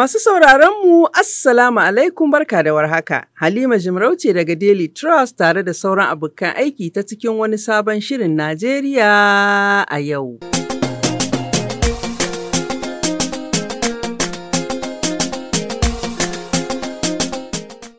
Masu sauraronmu, Assalamu alaikum barka da warhaka. Halima Jimarauce daga Daily Trust tare da sauran abokan aiki ta cikin wani sabon shirin Najeriya a yau.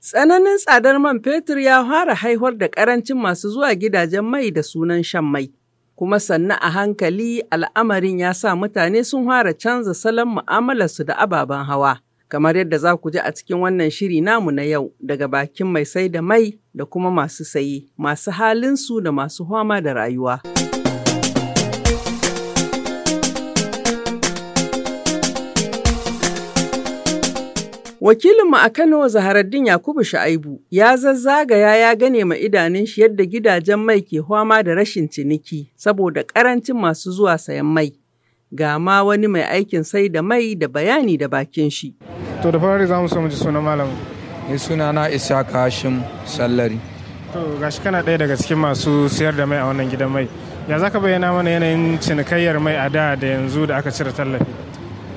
Tsananin tsadar man fetur ya fara haihuwar da ƙarancin masu zuwa gidajen mai da sunan shan mai. kuma sannu a hankali al'amarin ya sa mutane sun fara canza salon mu'amalarsu da ababen hawa. Kamar yadda za ku ji a cikin wannan shiri namu na yau daga bakin mai sai da mai da kuma masu saye, masu halin su da masu hwama da rayuwa. Wakilinmu a Kano Zaharaddin Yakubu Sha'aibu ya zazzagaya ya gane ma idanun shi yadda gidajen mai ke fama da rashin ciniki saboda ƙarancin masu zuwa sayan mai. Ga ma wani mai aikin sai da mai da bayani da bakin shi. To da fari za mu so mu ji sunan malam. Ni suna na Isa Kashim Sallari. To gashi kana ɗaya daga cikin masu sayar da mai a wannan gidan mai. Ya zaka bayyana mana yanayin cinikayyar mai a da da yanzu da aka cire tallafi?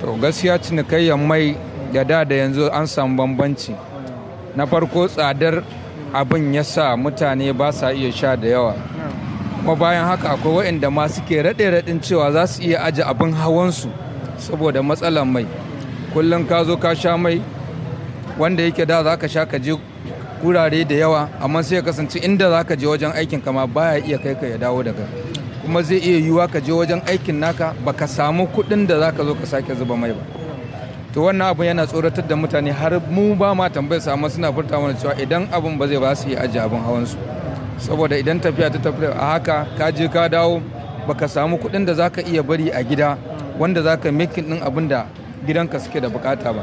To gaskiya cinikayyar mai da da da yanzu an samu bambanci na farko tsadar abin ya sa mutane ba sa iya sha da yawa kuma bayan haka akwai waɗanda ma suke raɗe raɗin cewa za su iya aje abin hawansu saboda matsalar mai kullum ka zo ka sha mai wanda yake da za ka sha ka je wurare da yawa amma sai ya kasance inda za ka je wajen aikin kama baya iya kai ka ya dawo daga kuma zai iya yiwuwa ka je wajen aikin naka baka samu kuɗin da za ka zo ka sake zuba mai ba to wannan abin yana tsoratar da mutane har mu ba ma tambayar su amma suna furta mana cewa idan abin ba zai ba su yi a abin hawan su saboda idan tafiya ta tafi a haka ka je ka dawo baka samu kuɗin da zaka iya bari a gida wanda zaka making din abin da gidanka suke da bukata ba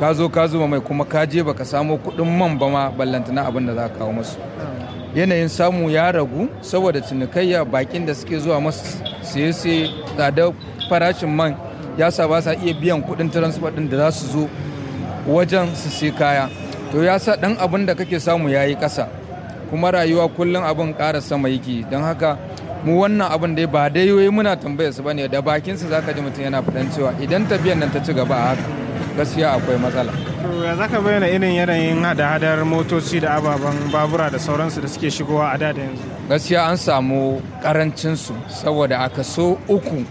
ka zo ka zuba mai kuma ka je baka samu kuɗin man ba ma ballantana abin da za kawo musu yanayin samu ya ragu saboda cinikayya bakin da suke zuwa masu siye-siye tsadar farashin man ya sa ba sa iya biyan kuɗin transport ɗin da za su zo wajen su sai kaya to ya sa ɗan abin da kake samu ya yi ƙasa kuma rayuwa kullum abin kara sama yake don haka mu wannan abin dai ba dai yoyi muna tambayar su bane da bakin su zaka ji mutum yana fadan cewa idan tafiyan nan ta ci gaba a haka gaskiya akwai matsala ya zaka bayyana irin yanayin hada-hadar motoci da ababen babura da sauransu da suke shigowa a da yanzu gaskiya an samu karancin su saboda aka so uku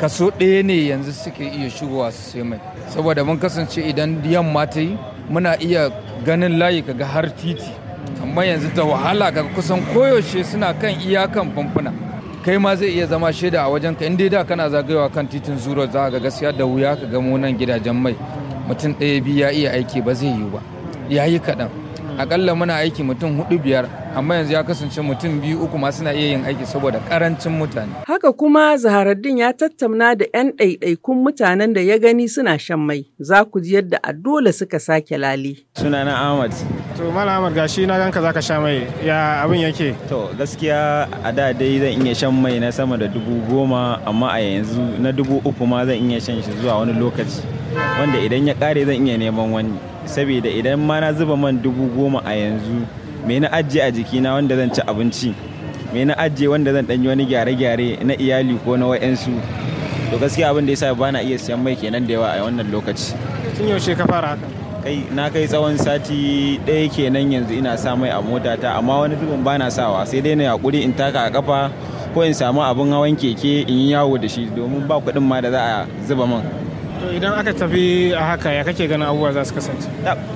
kaso ɗaya ne yanzu suke iya shigowa su sai mai saboda mun kasance idan yamma ta yi muna iya ganin layi kaga har titi amma yanzu ta wahala kaga kusan koyaushe suna kan iyakan famfuna kai ma zai iya zama shaida a wajen ka inda da kana zagayowa kan titin zuro za ga gaskiya da wuya ka ga nan gidajen mai mutum ɗaya biyu ya iya aiki ba zai yiwu ba ya yi kaɗan akalla muna aiki mutum hudu biyar amma yanzu ya kasance mutum biyu uku ma suna iya yin aiki saboda karancin mutane. Haka kuma Zaharaddin ya tattauna da 'yan ɗaiɗaikun mutanen da ya gani suna shan mai za ku ji yadda a dole suka sake lali. Suna na Ahmad. To mala Ahmad gashi na ganka zaka sha mai ya abin yake. To gaskiya a da dai zan iya shan mai na sama da dubu goma amma a yanzu na dubu uku ma zan iya shan shi zuwa wani lokaci wanda idan ya kare zan iya neman wani. saboda idan ma na zuba man dubu goma a yanzu me na ajiye a jikina wanda zan ci abinci me na ajiye wanda zan ɗanyi wani gyare-gyare na iyali ko na wa'yansu to gaskiya abin da ya ba na iya siyan mai kenan da yawa a wannan lokaci tun yaushe ka fara haka kai na kai tsawon sati ɗaya kenan yanzu ina sa mai a motata amma wani zubin ba na sawa sai dai na hakuri in taka a kafa ko in samu abin hawan keke in yi yawo da shi domin ba kuɗin ma da za a zuba man to idan aka tafi a haka ya kake ganin abubuwa za su kasance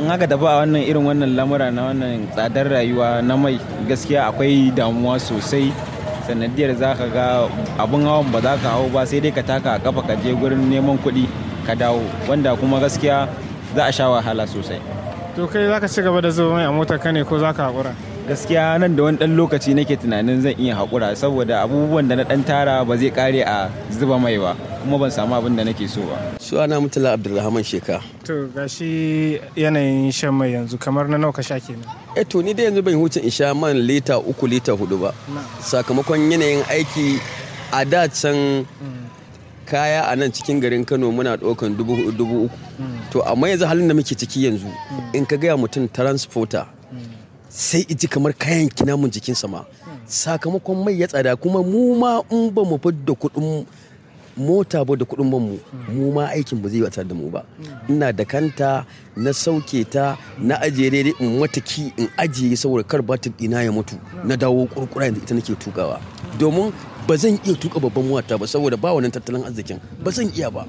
in aka tafi a wannan irin wannan lamura na wannan tsadar rayuwa na mai gaskiya akwai damuwa sosai sanadiyar za ka ga abin hawan ba za ka hau ba sai dai ka taka a kafa ka je gurin neman kuɗi ka dawo wanda kuma gaskiya za a sha wahala sosai to kai za ka ci gaba da zuba mai a motar ka ne ko za ka haƙura gaskiya nan da wani dan lokaci nake tunanin zan iya haƙura saboda abubuwan da na dan tara ba zai kare a zuba mai ba kuma ban samu abin da nake so ba. Suwana Mutala Abdulrahman Sheka. To gashi yanayin shan mai yanzu kamar na nawa sha kenan. Eh to ni da yanzu ban huce in sha man lita uku lita hudu ba. Sakamakon yanayin aiki a da can mm. kaya a nan cikin garin Kano muna ɗaukan dubu uku. Mm. To amma yanzu halin da muke ciki yanzu mm. in ka gaya mutum transporter sai iji kamar kayan kina mun jikinsa ma sakamakon mai ya tsada kuma mu ma in ba mu da kuɗin mota ba da kuɗin ban mu mu ma aikin ba zai wata da mu ba ina da kanta na sauke ta na ajiye daidai in ki in ajiye saboda kar ba ta ina ya mutu na dawo kurkura yanzu ita nake tukawa domin ba zan iya tuka babban mota ba saboda ba wannan tattalin arzikin ba zan iya ba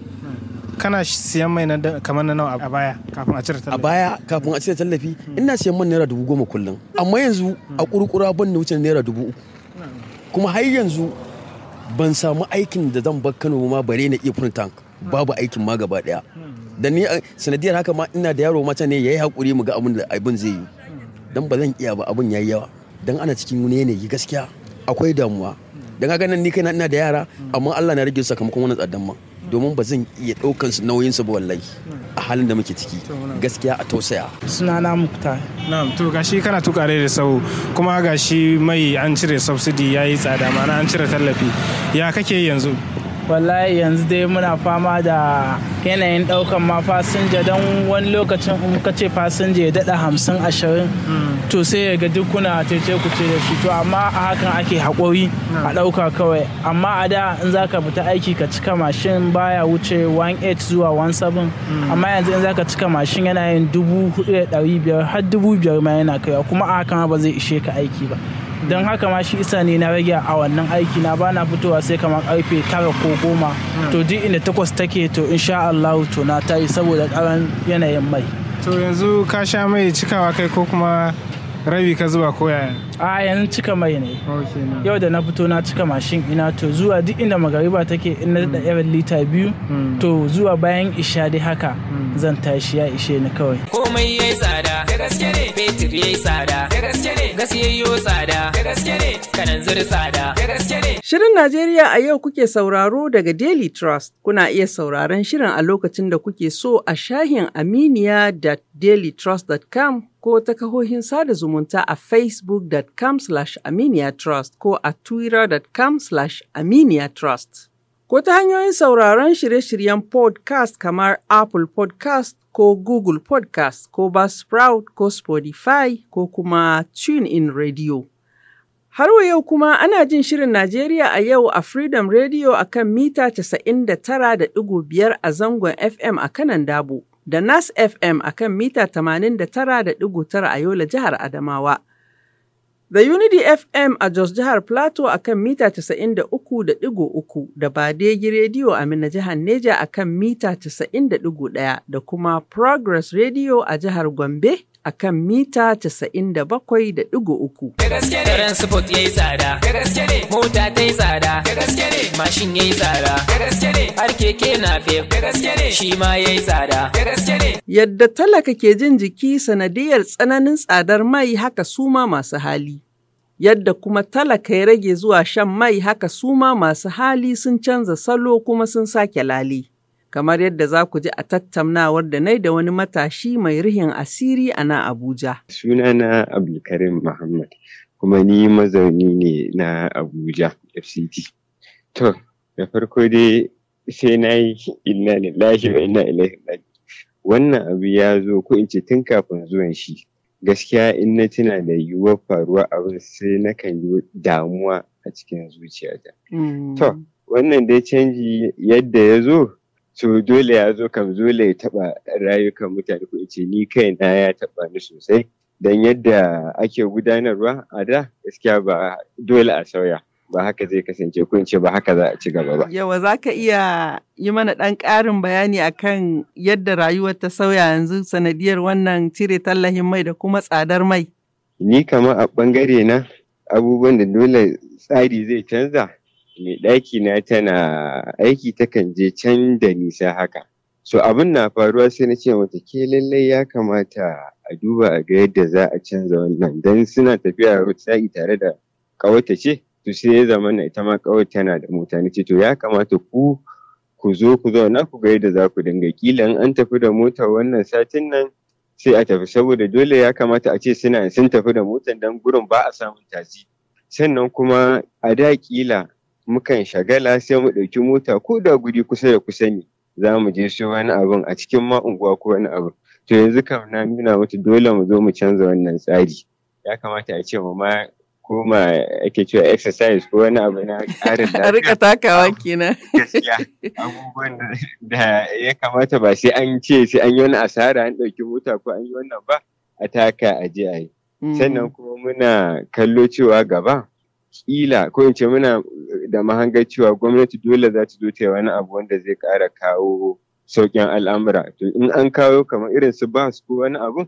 kana siyan mai na kamar na nawa a baya kafin a cire tallafi a baya kafin a cire tallafi ina siyan man naira dubu goma kullum amma yanzu a kurkura ban da wuce naira dubu uku kuma har yanzu ban samu aikin da zan bar Kano ma bare na iya furin tank babu aikin ma gaba daya da ni sanadiyar haka ma ina da yaro mata ne yayi hakuri mu ga abin da abin zai yi dan ba zan iya ba abin yayi yawa dan ana cikin wani yanayi gaskiya akwai damuwa dan haka nan ni kaina ina da yara amma Allah na rage sakamakon wannan tsaddan ma domin ba zan iya ɗaukan su nauyin su ba a halin da muke ciki gaskiya a tausaya suna na mukta na'am to gashi kana tukare da sau kuma gashi mai an cire subsidy yayi tsada ma'ana an cire tallafi ya kake yanzu wallahi yanzu dai muna fama da yanayin daukan ma fasinja don wani lokacin in ka ce fasinja ya daɗa hamsin ashirin to sai ya ga duk kuna ku ce da shi to amma a hakan ake haƙori a hmm. ɗauka kawai amma a da in za ka fita aiki ka cika mashin baya wuce 18 zuwa 17 hmm. amma yanzu in za ka cika mashin yana yin dubu har dubu biyar ma yana kaiwa kuma a hakan ba zai ishe ka aiki ba don haka ma shi isa ne na rage a wannan aiki na bana fitowa sai kamar karfe tara ko goma hmm. to duk inda takwas take to insha Allah to na tayi saboda karan yanayin mai to yanzu ka sha mai cikawa kai ko kuma rabi ka zuwa ko yaya a yanzu cika mai ne yau da na fito na cika mashin ina to zuwa duk inda magariba take in na da hmm. irin lita biyu hmm. to zuwa bayan isha dai haka zan tashi ya ishe ni kawai komai ya yi tsada da gaske ne fetur yi tsada da gaske ne gasiyayyo tsada da gaske ne kanan zuri tsada da gaske ne shirin Najeriya a yau kuke sauraro daga Daily Trust kuna iya sauraron shirin a lokacin da kuke so a shahin aminiya.dailytrust.com ko ta kahohin sada zumunta a facebook.com/aminiya trust ko a twitter.com/aminiya trust. ko ta hanyoyin sauraron shirye-shiryen podcast kamar Apple podcast ko Google podcast ko Buzzsprout ko Spotify ko kuma TuneIn Radio. Har wa yau kuma ana jin shirin Najeriya a yau a Freedom Radio a kan mita 99.5 a zangon FM a kanan Dabo, da Nas FM a kan mita 89.9 a Yola jihar Adamawa. The Unity FM a Jos jihar Plateau a kan mita 93.3 da Badegi Radio a Mina jihar Neja a kan mita 90.1 da kuma Progress Radio a jihar Gombe a kan mita 97.3. Da gaske ne, transport ya yi tsada, da gaske ne, mota ta yi tsada, da gaske ne, mashin ya yi tsada, da gaske ne, har keke na fe, da gaske ne, shi ma ya yi tsada, da gaske ne. Yadda talaka ke jin jiki sanadiyar tsananin tsadar mai haka suma masu hali. Yadda kuma talaka ya rage zuwa shan mai haka suma masu hali sun canza salo kuma sun sake lali. kamar yadda za ku ji a tattaunawar da nai da wani matashi mai rihin asiri a nan Abuja. Sunana Abdulkarim Muhammad kuma ni mazauni ne na Abuja FCT. To, da farko dai sai na yi inna lillahi wa inna ilaihi Wannan abu ya zo ko in ce tun kafin zuwan shi. Gaskiya in na tuna da yiwuwar faruwa abin sai na kan yi damuwa a cikin zuciyata. Mm. To, wannan dai canji yadda ya zo To dole ya zo kam dole ya taba rayukan mutane ko ce ni kai na ya taba ni sosai dan yadda ake gudanarwa a da gaskiya ba dole a sauya ba haka zai kasance ko ce ba haka za a ci gaba ba yawa za ka iya yi mana ɗan ƙarin bayani akan yadda rayuwar ta sauya yanzu sanadiyar wannan cire tallahin mai da kuma tsadar mai ni kamar a bangare na abubuwan da dole tsari zai canza mai ɗaki na tana aiki takan je can da nisa haka so abin na faruwa sai na ce mata ke lallai ya kamata a duba a ga yadda za a canza wannan don suna tafiya sa'i tare da ƙawata ce to sai ya zama na ita ma ƙawata tana da mota na ce to ya kamata ku ku zo ku zauna ku ga yadda za ku dinga kila in an tafi da mota wannan satin nan sai a tafi saboda dole ya kamata a ce suna sun tafi da motan don gurin ba a samun tasi sannan kuma a da kila mukan shagala sai mu ɗauki mota ko da guri kusa da kusa ne za mu je siyo wani abin a cikin ma unguwa ko wani abin to yanzu kam na nuna mata dole mu zo mu canza wannan tsari ya kamata a ce mu ma ma ake cewa exercise ko wani abu na ƙarin lafiya. Rika takawa kenan. Gaskiya abubuwan da ya kamata ba sai an ce sai an yi wani asara an ɗauki mota ko an yi wannan ba a taka a je a yi. Mm. Sannan kuma muna kallo cewa gaba kila ko in muna da mahangar cewa gwamnati dole za ta zo ta wani abu wanda zai kara kawo sauƙin al'amura to in an kawo kamar irin su bas ko wani abu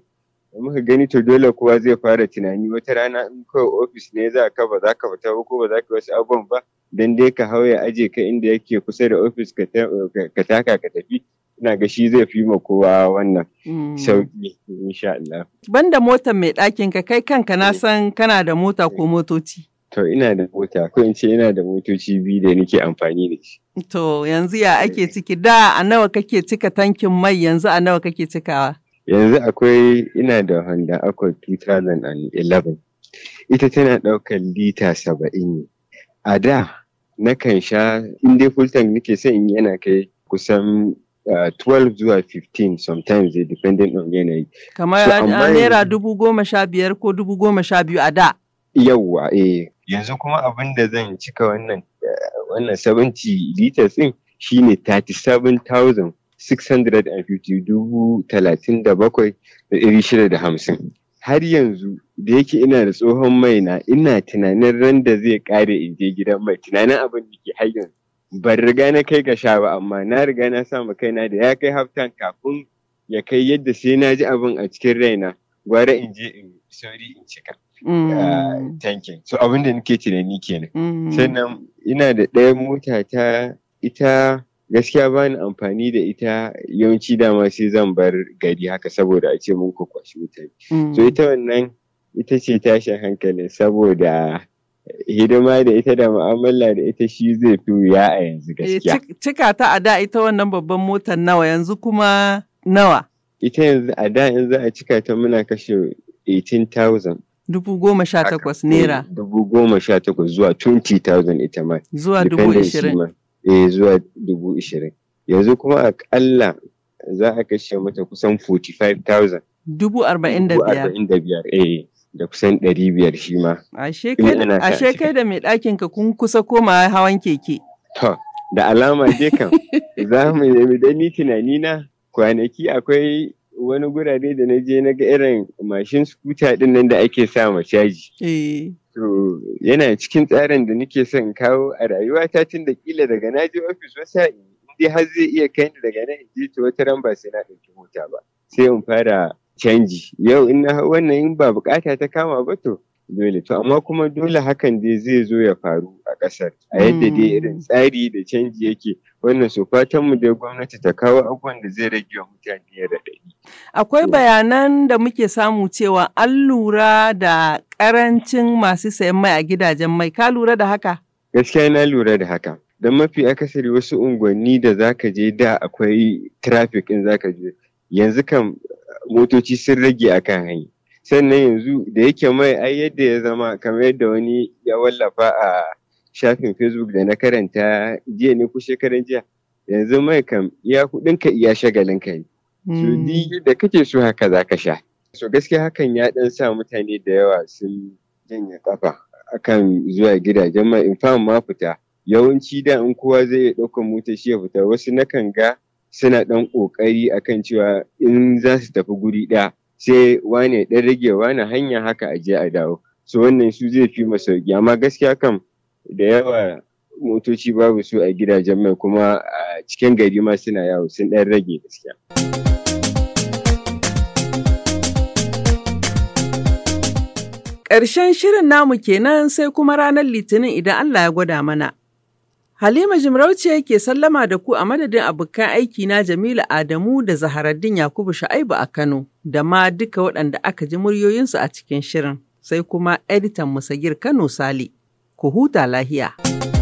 da muka gani to dole kowa zai fara tunani wata rana in kawai ofis ne za ka ba za ka fita ba ko ba za ka wasu abubuwan ba dan dai ka hau ya aje ka inda yake kusa da ofis ka taka ka tafi ina ga shi zai fi ma kowa wannan hmm. sauki insha Allah. Banda motar mai ɗakin ka kai kanka na eh. san kana da mota ko motoci. To ina da mota, ko in ce ina da motoci biyu da nake amfani da shi. To yanzu ya ake ciki da a nawa kake cika tankin mai yanzu a nawa kake cikawa? Yanzu akwai ina da Honda Accord 2011. Ita tana ɗaukar lita saba'in ne. A da na kan sha in dai full tank nake son in yana kai kusan Uh, 12 zuwa 15 sometimes they depending on yanayi. Kamar so, naira dubu goma sha biyar ko dubu goma sha biyu a da. Yawwa eh yanzu kuma abin da zan cika wannan eh, wannan 70 liters din shine 37,000 650 Har yanzu da yake ina da tsohon mai na ina tunanin ran da zai kare in je gidan mai tunanin abin da ke har Ban riga na kai ga sha ba amma na riga na sa ma kaina da ya kai haftan kafin ya kai yadda sai na ji abin a cikin raina gwara in je in sauri in cika. Mm. tankin so abin da nake tunani kenan mm. sannan ina da ɗaya mota ta ita gaskiya ba ni amfani da ita yawanci dama sai zan bar gari haka saboda a ce mun kwashi mutane mm. so ita wannan ita ce tashin hankali saboda hidima da ita da mu'amala da ita shi zai fi wuya a yanzu eh, gaskiya. Cika ta a da ita wannan babban motar nawa yanzu kuma nawa? Ita yanzu a da yanzu a cika ta muna kashe 18,000. Dubu goma sha takwas naira. Eh, dubu goma sha takwas zuwa 20,000 ita ma. Zuwa dubu ishirin. Eh zuwa dubu ishirin. Yanzu kuma akalla za a kashe mata kusan 45,000. Dubu arba'in da biyar. Dubu arba'in da biyar eh. da kusan ɗari biyar shi ma. Ashe kai da mai ɗakin ka kun kusa koma hawan keke. To, da alama je kan za mu nemi dai tunani na kwanaki akwai wani gurare da na je na ga irin mashin skuta din nan da ake sa ma caji. Eh. To yana cikin tsarin da nake son kawo a rayuwata tun da kila daga na je ofis wasa in dai har zai iya kai ni daga nan in je ta wata ramba sai na ɗauki mota ba. Sai in fara canji. Yau in na wannan in ba bukata ta kama ba to dole to amma kuma dole hakan dai zai zo ya faru a ƙasar a hmm. yadda dai irin tsari da canji yake wannan su fatan mu dai gwamnati ta kawo abubuwan da zai rage wa mutane raɗaɗi. akwai bayanan da muke samu cewa an lura da ƙarancin masu sayan mai a gidajen mai ka lura da haka gaskiya na lura da haka don mafi akasari wasu unguwanni da zaka je da akwai traffic in zaka je yanzu kan motoci sun rage akan hanya sannan yanzu da yake mai ai yadda ya zama kamar yadda wani ya wallafa a shafin facebook da na karanta jiya ne ko shekaran jiya yanzu mai kam iya kudinka iya shagalinka ne so hmm. da kake so haka za ka sha so gaskiya hakan ya dan sa mutane da yawa sun janye kafa akan zuwa gidajen ma in ma fita yawanci da in kowa zai iya ɗaukar mota shi ya fita wasu nakan ga suna ɗan kokari akan cewa in za su tafi guri ɗaya sai wane ɗan rage wane hanya haka a je a dawo Su wannan su zai fi masa amma gaskiya kam da yawa motoci babu su a gidajen mai kuma a cikin gari ma suna yawo sun ɗan rage gaskiya. Ƙarshen shirin namu kenan sai kuma ranar Litinin idan Allah ya gwada mana. Halima Jimarauce ke sallama da ku a madadin abokan aiki na Jamilu Adamu da Zaharaddin Yakubu Sha'aibu a Kano da ma duka waɗanda aka ji muryoyinsu a cikin shirin sai kuma editan Musagir Kano Sale. Ku huta lahiya.